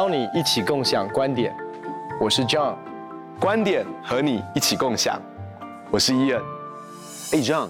邀你一起共享觀點，我是 John，觀點和你一起共享，我是伊恩。哎，Hey，John，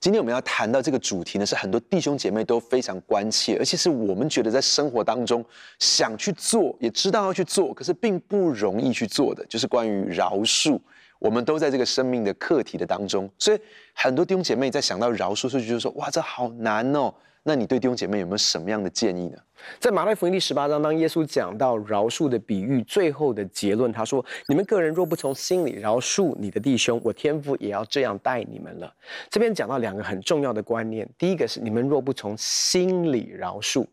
今天我們要談到這個主題呢，是很多弟兄姐妹都非常關切，而且是我們覺得在生活當中想去做，也知道要去做，可是並不容易去做的，就是關於饒恕。我們都在這個生命的課題的當中，所以很多弟兄姐妹在想到饒恕，所以就是說哇，這好難哦。那你對弟兄姐妹有沒有什麼樣的建議呢？在馬太福音第十八章，當耶穌講到饒恕的比喻，最後的結論，他說：“你們個人若不從心裡饒恕你的弟兄，我天父也要這樣待你們了。”這邊講到兩個很重要的觀念，第一個是你們若不從心裡饒恕，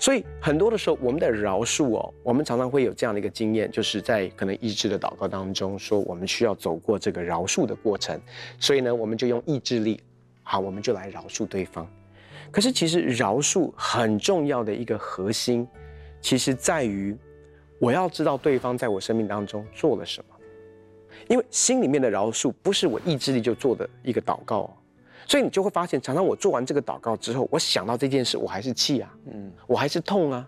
所以很多的時候，我們的饒恕哦，我們常常會有這樣的一個經驗，就是在可能醫治的禱告當中，說我們需要走過這個饒恕的過程，所以呢，我們就用意志力，好，我們就來饒恕對方。可是，其實饒恕很重要的一個核心，其實在於，我要知道對方在我生命當中做了什麼，因為心裡面的饒恕不是我意志力就做的一個禱告，所以你就會發現，常常我做完這個禱告之後，我想到這件事，我還是氣啊，嗯，我還是痛啊。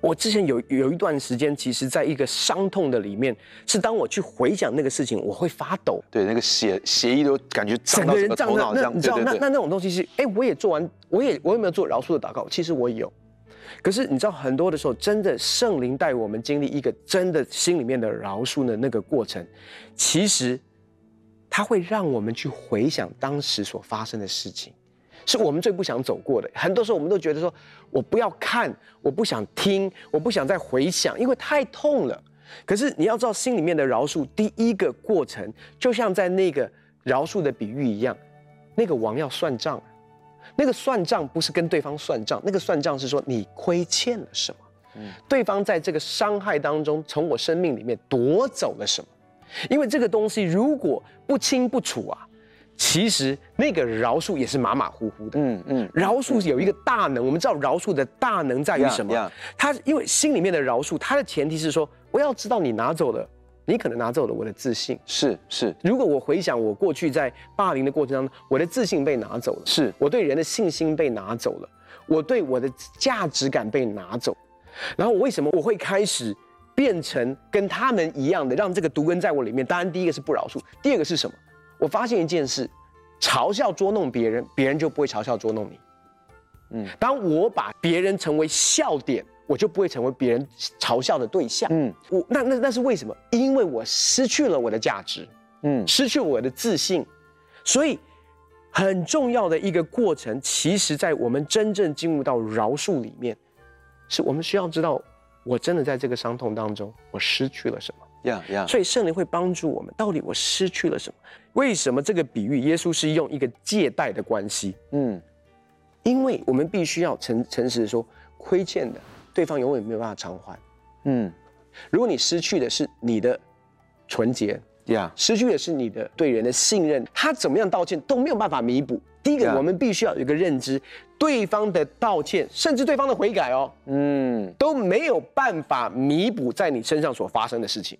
我之前有有一段時間，其實在一個傷痛的裡面，是當我去回想那個事情，我會發抖，對，那個血血液都感覺漲到整個頭腦這樣。你知道，對對對，那那那種東西是，哎、欸，我也做完，我也我有沒有做饒恕的禱告？其實我有，可是你知道很多的時候，真的聖靈帶我們經歷一個真的心裡面的饒恕的那個過程，其實它會讓我們去回想當時所發生的事情。是我們最不想走過的。很多時候，我們都覺得說，我不要看，我不想聽，我不想再回想，因為太痛了。可是你要知道，心裡面的饒恕，第一個過程，就像在那個饒恕的比喻一樣，那個王要算賬。那個算賬不是跟對方算賬，那個算賬是說你虧欠了什麼。嗯，對方在這個傷害當中，從我生命裡面奪走了什麼？因為這個東西如果不清不楚啊。其實那個饒恕也是馬馬虎虎的。嗯嗯，饒恕有一個大能，嗯，我們知道饒恕的大能在於什麼？嗯嗯，他因為心裡面的饒恕，它的前提是說，我要知道你拿走了，你可能拿走了我的自信。是是，如果我回想我過去在霸凌的過程當中，我的自信被拿走了，是我對人的信心被拿走了，我對我的價值感被拿走，然後為什麼我會開始變成跟他們一樣的，讓這個毒根在我裡面？當然，第一個是不饒恕，第二個是什麼？我發現一件事，嘲笑捉弄別人，別人就不會嘲笑捉弄你。嗯，當我把別人成為笑點，我就不會成為別人嘲笑的對象。嗯，我那那那是為什麼？因為我失去了我的價值，嗯，失去我的自信。所以，很重要的一個過程，其實在我們真正進入到饒恕裡面，是我們需要知道，我真的在這個傷痛當中，我失去了什麼。Yeah, yeah. 所以聖靈會幫助我們，到底我失去了什麼？為什麼這個比喻耶穌是用一個借貸的關係？嗯，因為我們必須要誠誠實的說，虧欠的對方永遠沒有辦法償還。嗯，如果你失去的是你的純潔，呀，Yeah，失去的是你的對人的信任，他怎麼樣道歉都沒有辦法彌補。第一個，Yeah. 我們必須要有一個認知，對方的道歉，甚至對方的悔改哦，嗯，都沒有辦法彌補在你身上所發生的事情。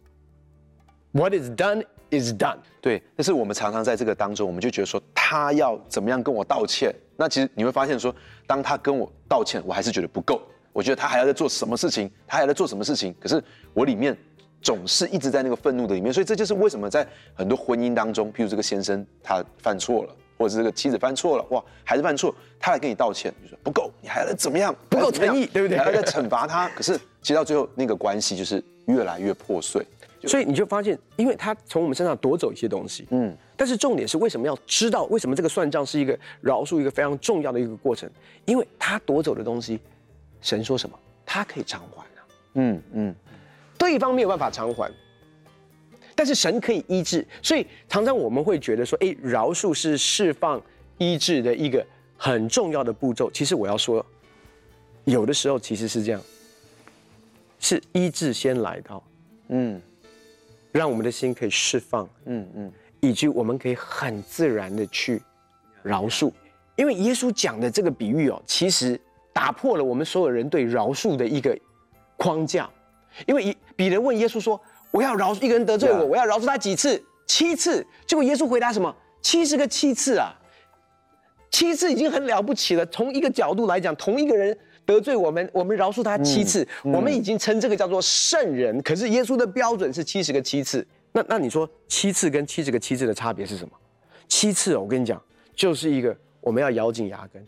What is done is done。對，但是我們常常在這個當中，我們就覺得說他要怎麼樣跟我道歉。那其實你會發現說，當他跟我道歉，我還是覺得不夠。我覺得他還要再做什麼事情，他還要再做什麼事情？可是我裡面總是一直在那個憤怒的裡面。所以這就是為什麼在很多婚姻當中，譬如這個先生他犯錯了，或者是這個妻子犯錯了，哇，還是犯錯，他來跟你道歉，你說不夠，你還要怎麼樣？不夠誠意，對不對？還要再懲罰他。 可是其實到最後，那個關係就是越來越破碎。所以你就發現，因為他從我們身上奪走一些東西，嗯，但是重點是為什麼要知道？為什麼這個算賬是一個饒恕一個非常重要的一個過程？因為他奪走的東西，神說什麼？他可以償還啊，嗯嗯，對方沒有辦法償還，但是神可以醫治。所以常常我們會覺得說，哎，饒恕是釋放醫治的一個很重要的步驟。其實我要說，有的時候其實是這樣，是醫治先來到，嗯。讓我們的心可以釋放，嗯嗯，以及我們可以很自然的去饒恕，因為耶穌講的這個比喻哦，其實打破了我們所有人對饒恕的一個框架，因為彼得問耶穌說，我要饒一個人得罪我，啊，我要饒恕他幾次？七次？結果耶穌回答什麼？七十個七次啊，七次已經很了不起了。同一個角度來講，同一個人。得罪我們，我們饒恕他七次，嗯，嗯。我們已經稱這個叫做聖人。可是耶穌的標準是七十個七次。那那你說七次跟七十個七次的差別是什麼？七次哦，我跟你講，就是一個我們要咬緊牙根，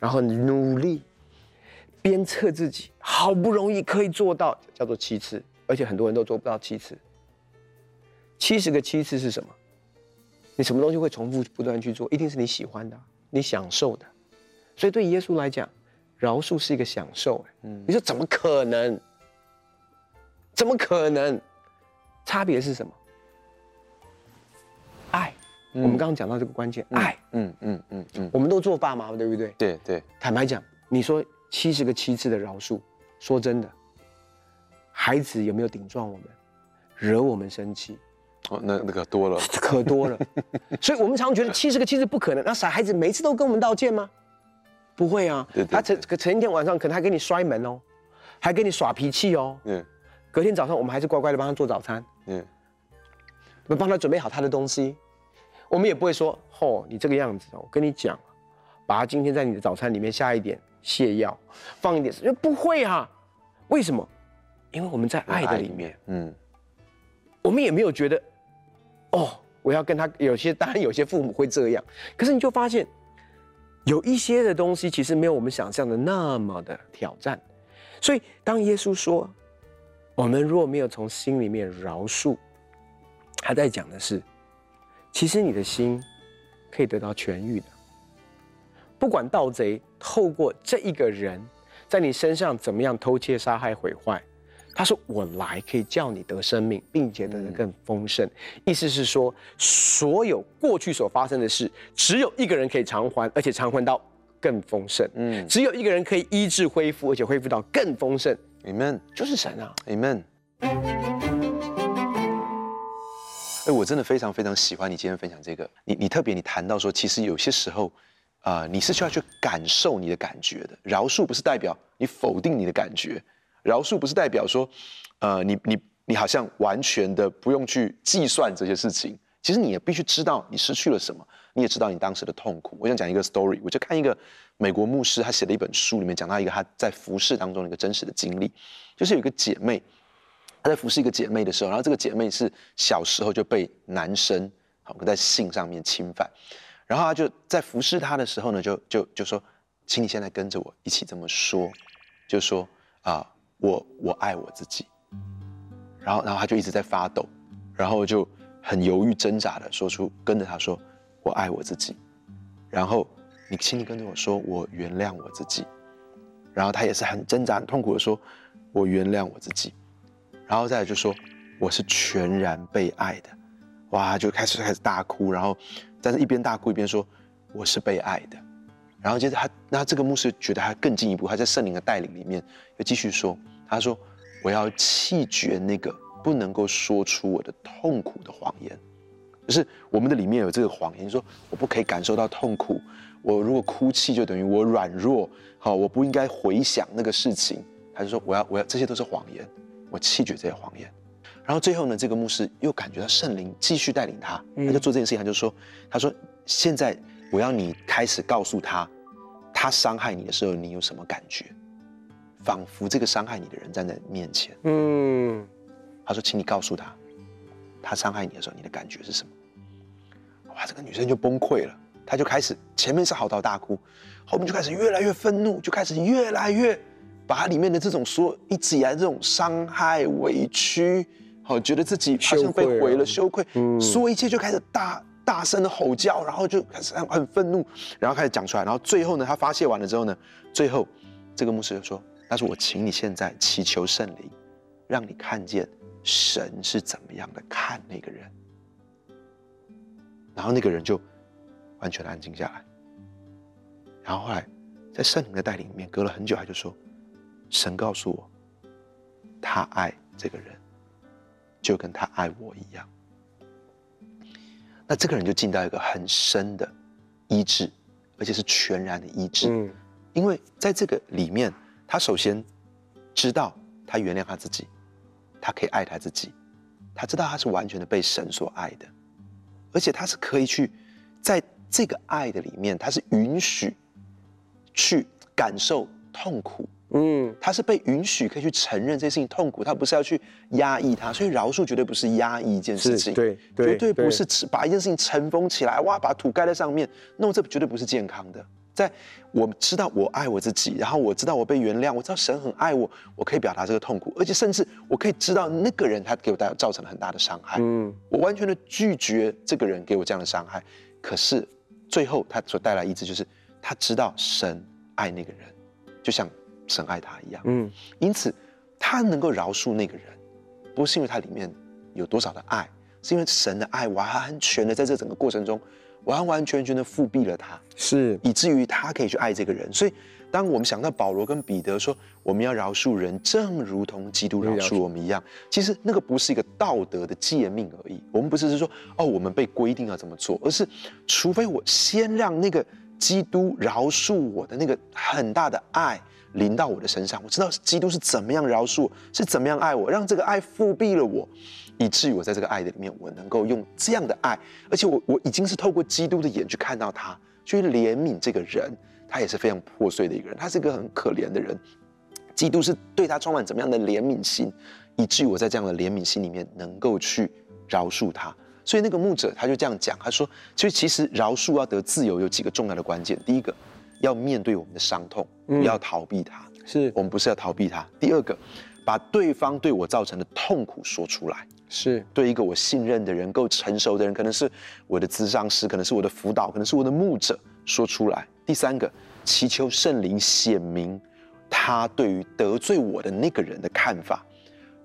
然後努力鞭策自己，好不容易可以做到叫做七次，而且很多人都做不到七次。七十個七次是什麼？你什麼東西會重複不斷去做？一定是你喜歡的，你享受的。所以對耶穌來講。饒恕是一個享受，嗯，你說怎麼可能？怎麼可能？差別是什麼？愛，嗯、我們剛剛講到這個關鍵，愛，嗯嗯嗯嗯，我們都做爸媽，對不對？對對。坦白講，你說七十個七次的饒恕，說真的，孩子有沒有頂撞我們，惹我們生氣？哦，那那個多了，可多了。 所以我們常常覺得七十個七次不可能，那傻孩子每次都跟我們道歉嗎？不會啊，他、啊、前前一天晚上可能還給你摔門哦，還給你耍脾氣哦。嗯、yeah.，隔天早上我們還是乖乖的幫他做早餐。嗯，我們幫他準備好他的東西，我們也不會說哦，你這個樣子、哦，我跟你講，把他今天在你的早餐裡面下一點瀉藥，放一點。不會啊，為什麼？因為我們在愛的裡面，嗯，我們也沒有覺得哦，我要跟他有些，當然有些父母會這樣，可是你就發現。有一些的東西其實沒有我們想象的那麼的挑戰，所以當耶穌說，我們若沒有從心裡面饒恕，他在講的是，其實你的心可以得到痊癒的，不管盜賊透過這一個人，在你身上怎麼樣偷竊、殺害、毀壞。他說：“我來可以叫你得生命，並且得，得更豐盛。”嗯，意思是說，所有過去所發生的事，只有一個人可以償還，而且償還到更豐盛。嗯，只有一個人可以醫治、恢復，而且恢復到更豐盛。Amen，嗯，就是神啊。Amen，嗯。哎，我真的非常非常喜歡你今天分享這個。你你特別你談到說，其實有些時候，呃，你是需要去感受你的感覺的。饒恕不是代表你否定你的感覺。饒恕不是代表說，呃，你你你好像完全的不用去計算這些事情，其實你也必須知道你失去了什麼，你也知道你當時的痛苦。我想講一個 story，我就看一個美國牧師，他寫了一本書，裡面講到一個他在服侍當中的一個真實的經歷，就是有一個姐妹，他在服侍一個姐妹的時候，然後這個姐妹是小時候就被男生好在性上面侵犯，然後他就在服侍他的時候呢，就就就說，請你現在跟着我一起這麼說，就說啊。呃我我愛我自己，然後然後他就一直在發抖，然後就很猶豫掙扎的說出，跟着他說，我愛我自己，然後你請你跟着我說，我原諒我自己，然後他也是很掙扎很痛苦的說，我原諒我自己，然後再來就說，我是全然被愛的，哇，就開始就開始大哭，然後但是一邊大哭一邊說，我是被愛的。然後接着他，那這個牧師覺得他更進一步，他在聖靈的帶領裡面又繼續說，他說我要棄絕那個不能夠說出我的痛苦的謊言，就是我們的裡面有這個謊言，就說我不可以感受到痛苦，我如果哭泣就等於我軟弱，好，我不應該回想那個事情。他就說我要我要這些都是謊言，我棄絕這些謊言。然後最後呢，這個牧師又感覺到聖靈繼續帶領他，他就做這件事情，他就說，他說現在我要你開始告訴他。他傷害你的時候，你有什麼感覺？仿佛這個傷害你的人站在你面前。嗯，他說：“請你告訴他，他傷害你的時候，你的感覺是什麼？”哇，這個女生就崩潰了，她就開始前面是嚎啕大哭，後面就開始越來越憤怒，就開始越來越把裡面的這種說一直以來這種傷害、委屈，好、哦，覺得自己好像被毀了，羞愧，羞愧、嗯，說一切就開始大大聲的吼叫，然後就開始很憤怒，然後開始講出來，然後最後呢，他發洩完了之後呢，最後這個牧師就說：“他說我請你現在祈求聖靈，讓你看見神是怎麼樣的看那個人。”然後那個人就完全的安靜下來。然後後來在聖靈的帶領裡面，隔了很久，他就說：“神告訴我，他愛這個人，就跟他愛我一樣。”那這個人就進到一個很深的醫治，而且是全然的醫治。嗯，因為在這個裡面，他首先知道他原諒他自己，他可以愛他自己，他知道他是完全的被神所愛的，而且他是可以去在這個愛的裡面，他是允許去感受痛苦。嗯，他是被允許可以去承認這些事情痛苦，他不是要去壓抑他，所以饒恕絕對不是壓抑一件事情，對，對，絕對不是把一件事情塵封起來，哇，把土蓋在上面，那這絕對不是健康的。在我知道我愛我自己，然後我知道我被原諒，我知道神很愛我，我可以表達這個痛苦，而且甚至我可以知道那個人他給我帶造成了很大的傷害，嗯，我完全的拒絕這個人給我這樣的傷害，可是最後他所帶來醫治就是他知道神愛那個人，就像。神愛他一樣，嗯，因此他能夠饒恕那個人，不是因為他裡面有多少的愛，是因為神的愛完全的在這整個過程中完完全全的復辟了他，是，以至於他可以去愛這個人。所以，當我們想到保羅跟彼得說我們要饒恕人，正如同基督饒恕我們一樣，其實那個不是一個道德的誡命而已。我們不是是說哦，我們被規定要怎麼做，而是除非我先讓那個基督饒恕我的那個很大的愛臨到我的身上，我知道基督是怎麼樣饒恕我，是怎麼樣愛我，讓這個愛覆庇了我，以至於我在這個愛的裡面，我能夠用這樣的愛，而且我我已經是透過基督的眼去看到他，去憐憫這個人，他也是非常破碎的一個人，他是一個很可憐的人，基督是對他充滿怎麼樣的憐憫心，以至於我在這樣的憐憫心裡面能夠去饒恕他，所以那個牧者他就這樣講，他說，所以其實饒恕要得自由有幾個重要的關鍵，第一個。要面對我們的傷痛，不要逃避他。嗯，是。我們不是要逃避他。第二個，把對方對我造成的痛苦說出來。是對一個我信任的人、夠成熟的人，可能是我的諮商師，可能是我的輔導，可能是我的牧者說出來。第三個，祈求聖靈顯明他對於得罪我的那個人的看法，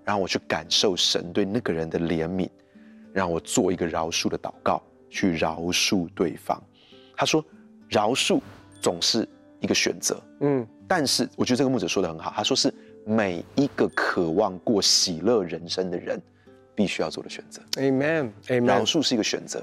讓我去感受神對那個人的憐憫，讓我做一個饒恕的禱告，去饒恕對方。他說饒恕總是一個選擇，嗯，但是我覺得這個牧者說得很好，他說是每一個渴望過喜樂人生的人必須要做的選擇。Amen，Amen Amen。饒恕是一個選擇，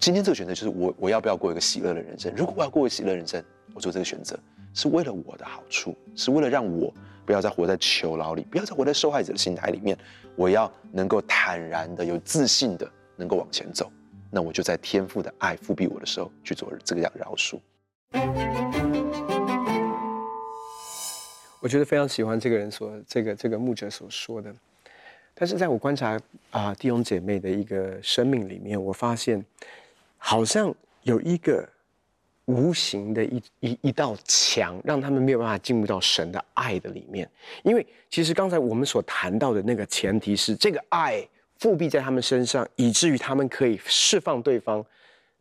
今天這個選擇就是我我要不要過一個喜樂的人生？如果我要過一個喜樂人生，我做這個選擇是為了我的好處，是為了讓我不要再活在囚牢裡，不要再活在受害者的心態裡面，我要能夠坦然的、有自信的能夠往前走，那我就在天父的愛覆庇我的時候去做這個叫饒恕。我覺得非常喜歡這個人所這個這個牧者所說的，但是在我觀察啊、呃、弟兄姐妹的一個生命裡面，我發現好像有一個無形的一一一道牆，讓他們沒有辦法進入到神的愛的裡面。因為其實剛才我們所談到的那個前提是，這個愛復辟在他們身上，以至於他們可以釋放對方。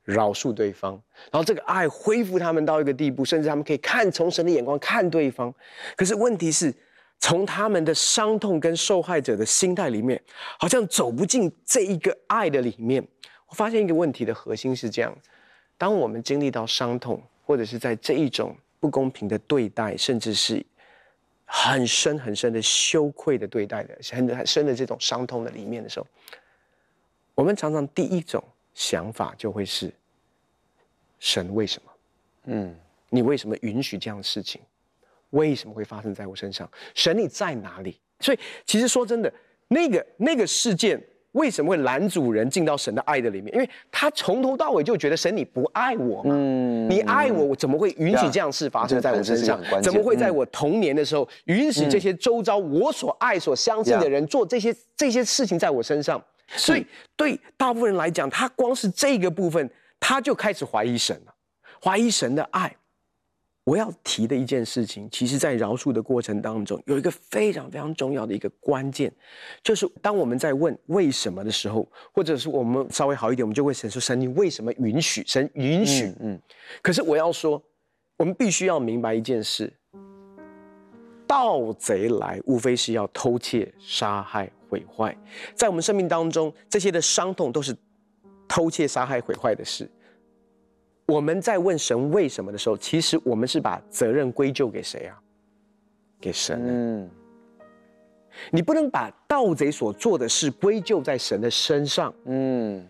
饒恕對方，然後這個愛恢復他們到一個地步，甚至他們可以看從神的眼光看對方。可是問題是從他們的傷痛跟受害者的心態裡面，好像走不進這一個愛的裡面。我發現一個問題的核心是這樣：當我們經歷到傷痛，或者是在這一種不公平的對待，甚至是很深很深的羞愧的對待的、很很深的這種傷痛的裡面的時候，我們常常第一種。想法就會是：神為什麼？嗯，你為什麼允許這樣的事情？為什麼會發生在我身上？神，你在哪裡？所以，其實說真的，那個那個事件為什麼會攔阻人進到神的愛的裡面？因為他從頭到尾就覺得神你不愛我嘛。嗯，你愛我，我怎麼會允許這樣事發生在我身上？怎麼會在我童年的時候允許這些周遭我所愛所相信的人做這些這些事情在我身上？所以，對大部分人來講，他光是這個部分，他就開始懷疑神了，懷疑神的愛。我要提的一件事情，其實，在饒恕的過程當中，有一個非常非常重要的一個關鍵，就是當我們在問為什麼的時候，或者是我們稍微好一點，我們就會問神說：“神，你為什麼允許？”神允許。嗯。嗯。可是我要說，我們必須要明白一件事：盜賊來，無非是要偷竊、殺害、毀壞，在我們生命當中，這些的傷痛都是偷竊、殺害、毀壞的事。我們在問神為什麼的時候，其實我們是把責任歸咎給誰啊？給神。嗯。你不能把盜賊所做的事歸咎在神的身上。嗯。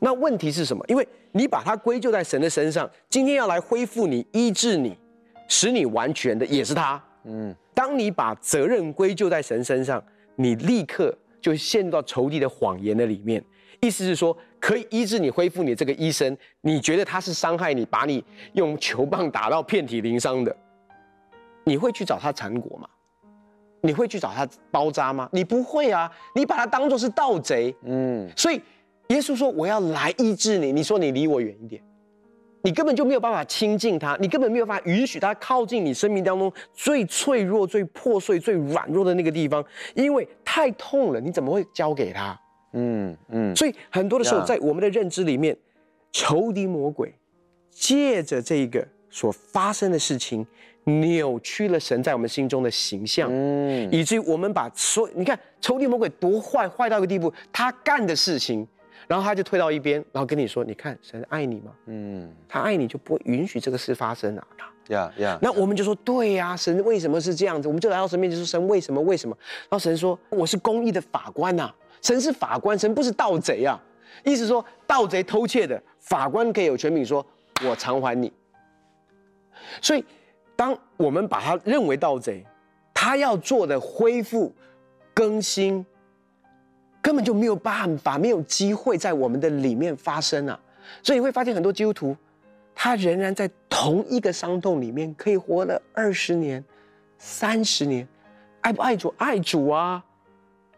那問題是什麼？因為你把它歸咎在神的身上，今天要來恢復你、醫治你、使你完全的，也是他。嗯。當你把責任歸咎在神身上，你立刻就陷入到仇敵的謊言的裡面，意思是說可以醫治你、恢復你這個醫生，你覺得他是傷害你，把你用球棒打到遍體鱗傷的，你會去找他纏裹嗎？你會去找他包紮嗎？你不會啊，你把他當作是盜賊。嗯，所以耶穌說我要來醫治你，你說你離我遠一點。你根本就沒有辦法親近他，你根本沒有辦法允許他靠近你生命當中最脆弱、最破碎、最軟弱的那個地方，因為太痛了，你怎麼會交給他？嗯嗯。所以很多的時候，在我們的認知裡面，嗯、仇敵魔鬼，借着這個所發生的事情，扭曲了神在我們心中的形象，嗯，以至於我們把所有，你看仇敵魔鬼多壞，壞到一個地步，他幹的事情。然後他就推到一邊，然後跟你說：“你看，神愛你嗎？嗯，他愛你就不會允許這個事發生啊。”“呀呀。”那我們就說：“對呀、啊，神為什麼是這樣子？”我們就來到神面前說：“神為什麼？為什麼？”然後神說：“我是公義的法官吶、啊，神是法官，神不是盜賊啊。”意思說，盜賊偷竊的法官可以有權柄說：“我償還你。”所以，當我們把他認為盜賊，他要做的恢復、更新，根本就沒有辦法，沒有機會在我們的裡面發生啊！所以你會發現很多基督徒，他仍然在同一個傷痛裡面可以活了二十年、三十年，愛不愛主？愛主啊！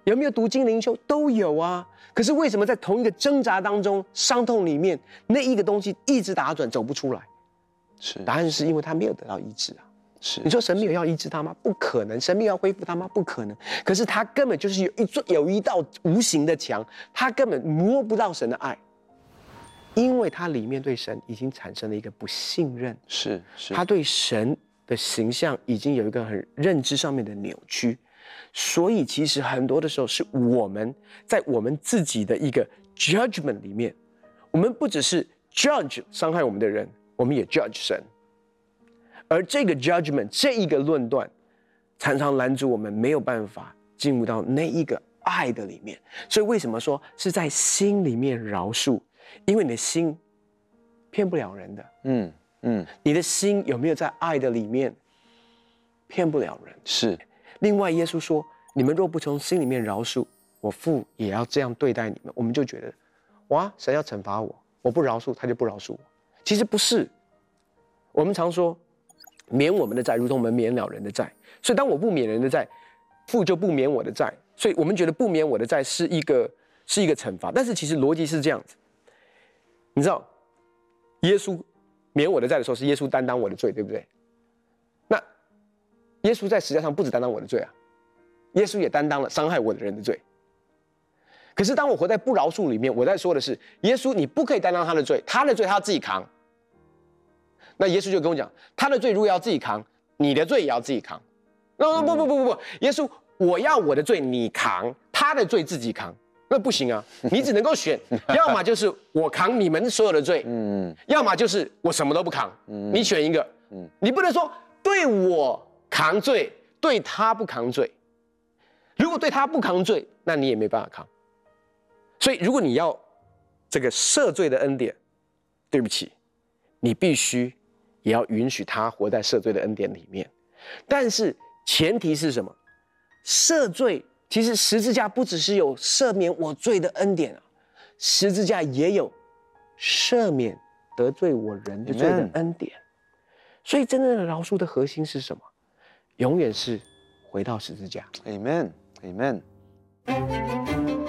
有沒有讀經靈修？都有啊！可是為什麼在同一個掙扎當中、傷痛裡面，那一個東西一直打轉，走不出來？是，答案是因為他沒有得到醫治啊！是是是，你說神沒有要醫治他嗎？不可能，神沒有要恢復他嗎？不可能。可是他根本就是有一座，有一道無形的牆，他根本摸不到神的愛，因為他裡面對神已經產生了一個不信任。是是，他對神的形象已經有一個很認知上面的扭曲，所以其實很多的時候是我們在我們自己的一個 judgment 裡面，我們不只是 judge 傷害我們的人，我們也 judge 神。而這個 judgment 這一個論斷，常常攔阻我們沒有辦法進入到那一個愛的裡面。所以為什麼說是在心裡面饒恕？因為你的心騙不了人的。嗯嗯，你的心有沒有在愛的裡面騙不了人？是。另外，耶穌說：“你們若不從心裡面饒恕，我父也要這樣對待你們。”我們就覺得，哇，神要懲罰我，我不饒恕他就不饒恕我。其實不是。我們常說。免我們的債，如同我們免了人的債。所以，當我不免人的債，父就不免我的債。所以，我們覺得不免我的債是一個是一個懲罰。但是，其實邏輯是這樣子，你知道，耶穌免我的債的時候，是耶穌擔當我的罪，對不對？那耶穌在實際上不止擔當我的罪啊，耶穌也擔當了傷害我的人的罪。可是，當我活在不饒恕裡面，我在說的是，耶穌你不可以擔當他的罪，他的罪他自己扛。那耶穌就跟我講，他的罪如果要自己扛，你的罪也要自己扛。那不不不不不，嗯，耶穌，我要我的罪你扛，他的罪自己扛，那不行啊！你只能夠選， 要麼就是我扛你們所有的罪，嗯，要麼就是我什麼都不扛，嗯，你選一個，嗯，你不能說對我扛罪，對他不扛罪。如果對他不扛罪，那你也沒辦法扛。所以，如果你要這個赦罪的恩典，對不起，你必須。也要允許他活在赦罪的恩典裡面，但是前提是什麼？赦罪其實十字架不只是有赦免我罪的恩典啊，十字架也有赦免得罪我人的罪的恩典。Amen. 所以真正的饒恕的核心是什麼？永遠是回到十字架。Amen，Amen Amen。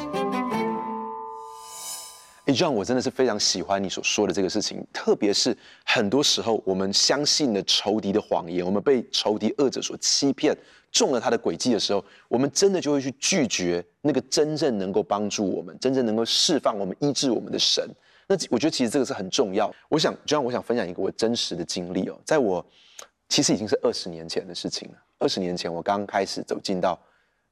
John，我真的是非常喜歡你所說的這個事情，特別是很多時候我們相信了仇敵的謊言，我們被仇敵、惡者所欺騙，中了他的詭計的時候，我們真的就會去拒絕那個真正能夠幫助我們、真正能夠釋放我們、醫治我們的神。那我覺得其實這個是很重要。我想，John，我想分享一個我真實的經歷哦，在我其實已經是二十年前的事情了。二十年前，我剛開始走進到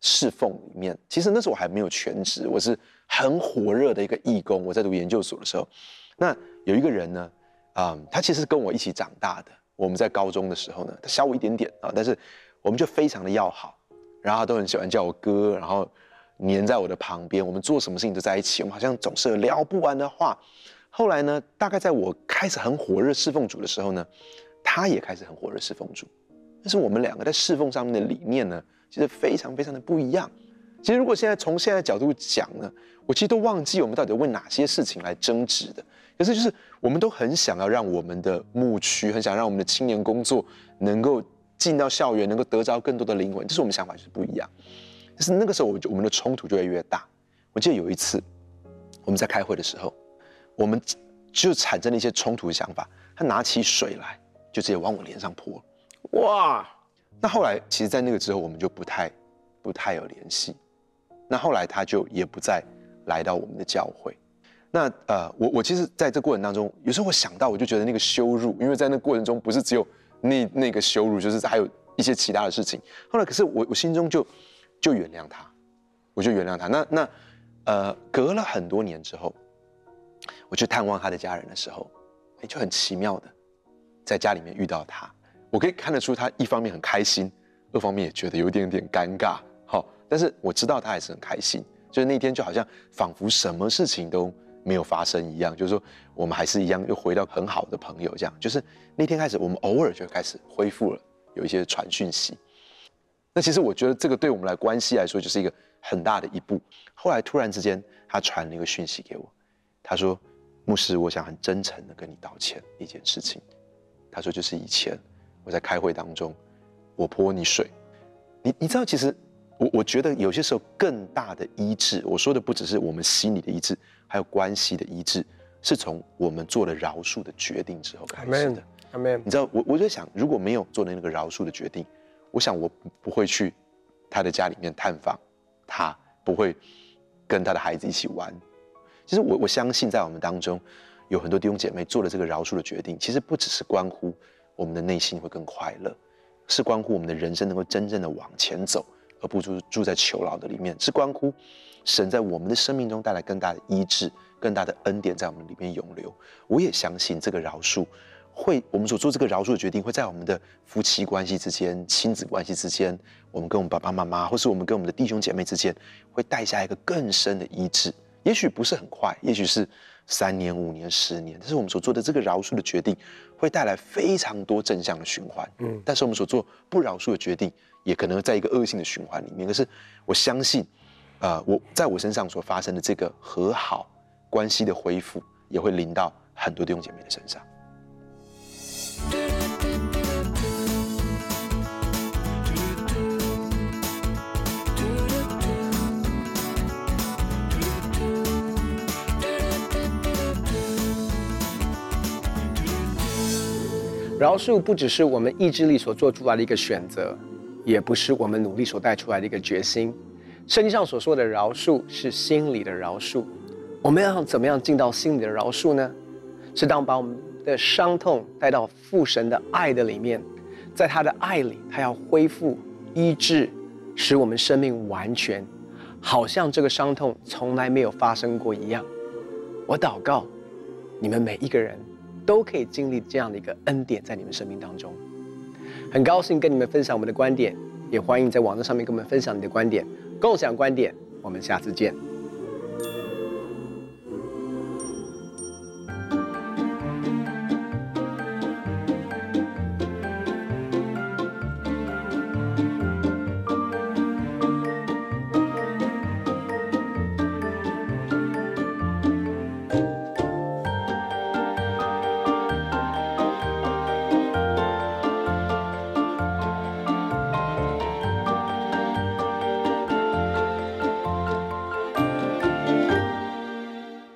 侍奉裡面，其實那時候我還沒有全職，我是很火熱的一個義工。我在讀研究所的時候，那有一個人呢，啊、嗯，他其實跟我一起長大的。我們在高中的時候呢，他小我一點點啊，但是我們就非常的要好，然後他都很喜歡叫我哥，然後黏在我的旁邊。我們做什麼事情都在一起，我們好像總是聊不完的話。後來呢，大概在我開始很火熱侍奉主的時候呢，他也開始很火熱侍奉主。但是我們兩個在侍奉上面的理念呢，其實非常非常的不一樣。其實如果現在從現在的角度講呢，我其實都忘記我們到底為哪些事情來爭執的。可是就是我們都很想要讓我們的牧區，很想讓我們的青年工作能夠進到校園，能夠得着更多的靈魂。這是我們想法就是不一樣。但是那個時候，我就我們的衝突就會越、越、越大。我記得有一次我們在開會的時候，我們就產生了一些衝突的想法。他拿起水來，就直接往我臉上潑。哇！那後來，其實，在那個之後，我們就不太、不太有聯繫。那後來，他就也不再來到我們的教會。那呃，我我其實在這過程當中，有時候我想到，我就覺得那個羞辱，因為在那過程中不是只有那那個羞辱，就是還有一些其他的事情。後來，可是我我心中就就原諒他，我就原諒他。那那呃，隔了很多年之後，我去探望他的家人的時候，就很奇妙的在家裡面遇到他。我可以看得出，他一方面很開心，二方面也覺得有點點尷尬。好、哦，但是我知道他還是很開心。就是那天，就好像仿佛什麼事情都沒有發生一樣。就是說，我們還是一樣，又回到很好的朋友這樣。就是那天開始，我們偶爾就開始恢復了，有一些傳訊息。那其實我覺得這個對我們來關係來說，就是一個很大的一步。後來突然之間，他傳了一個訊息給我，他說：“牧師，我想很真誠的跟你道歉一件事情。”他說：“就是以前。”我在開會當中，我潑你水，你你知道，其實我我覺得有些時候更大的醫治，我說的不只是我們心裡的醫治，還有關係的醫治，是從我們做了饒恕的決定之後開始的。阿門，你知道，我我在想，如果沒有做的那個饒恕的決定，我想我不會去他的家裡面探訪，他不會跟他的孩子一起玩。其實我我相信，在我們當中有很多弟兄姐妹做了這個饒恕的決定，其實不只是關乎。我們的內心會更快樂，是關乎我們的人生能夠真正的往前走，而不是住在囚牢的裡面，是關乎神在我們的生命中帶來更大的醫治、更大的恩典在我們裡面湧流。我也相信這個饒恕會，會我們所做這個饒恕的決定，會在我們的夫妻關係之間、親子關係之間，我們跟我們爸爸媽媽，或是我們跟我們的弟兄姐妹之間，會帶下一個更深的醫治。也許不是很快，也許是。三年、五年、十年，這是我們所做的這個饒恕的決定，會帶來非常多正向的循環。嗯，但是我們所做不饒恕的決定，也可能在一個惡性的循環裡面。可是我相信，呃，我在我身上所發生的這個和好關係的恢復，也會臨到很多弟兄姐妹的身上。饒恕不只是我們意志力所做出來的一個選擇，也不是我們努力所帶出來的一個決心。聖經上所說的饒恕是心裡的饒恕。我們要怎麼樣進到心裡的饒恕呢？是當把我們的傷痛帶到父神的愛的裡面，在他的愛裡，他要恢復、醫治，使我們生命完全，好像這個傷痛從來沒有發生過一樣。我禱告，你們每一個人，都可以經歷這樣的一個恩典在你們生命當中，很高興跟你們分享我們的觀點，也歡迎在網站上面跟我們分享你的觀點，共享觀點，我們下次見。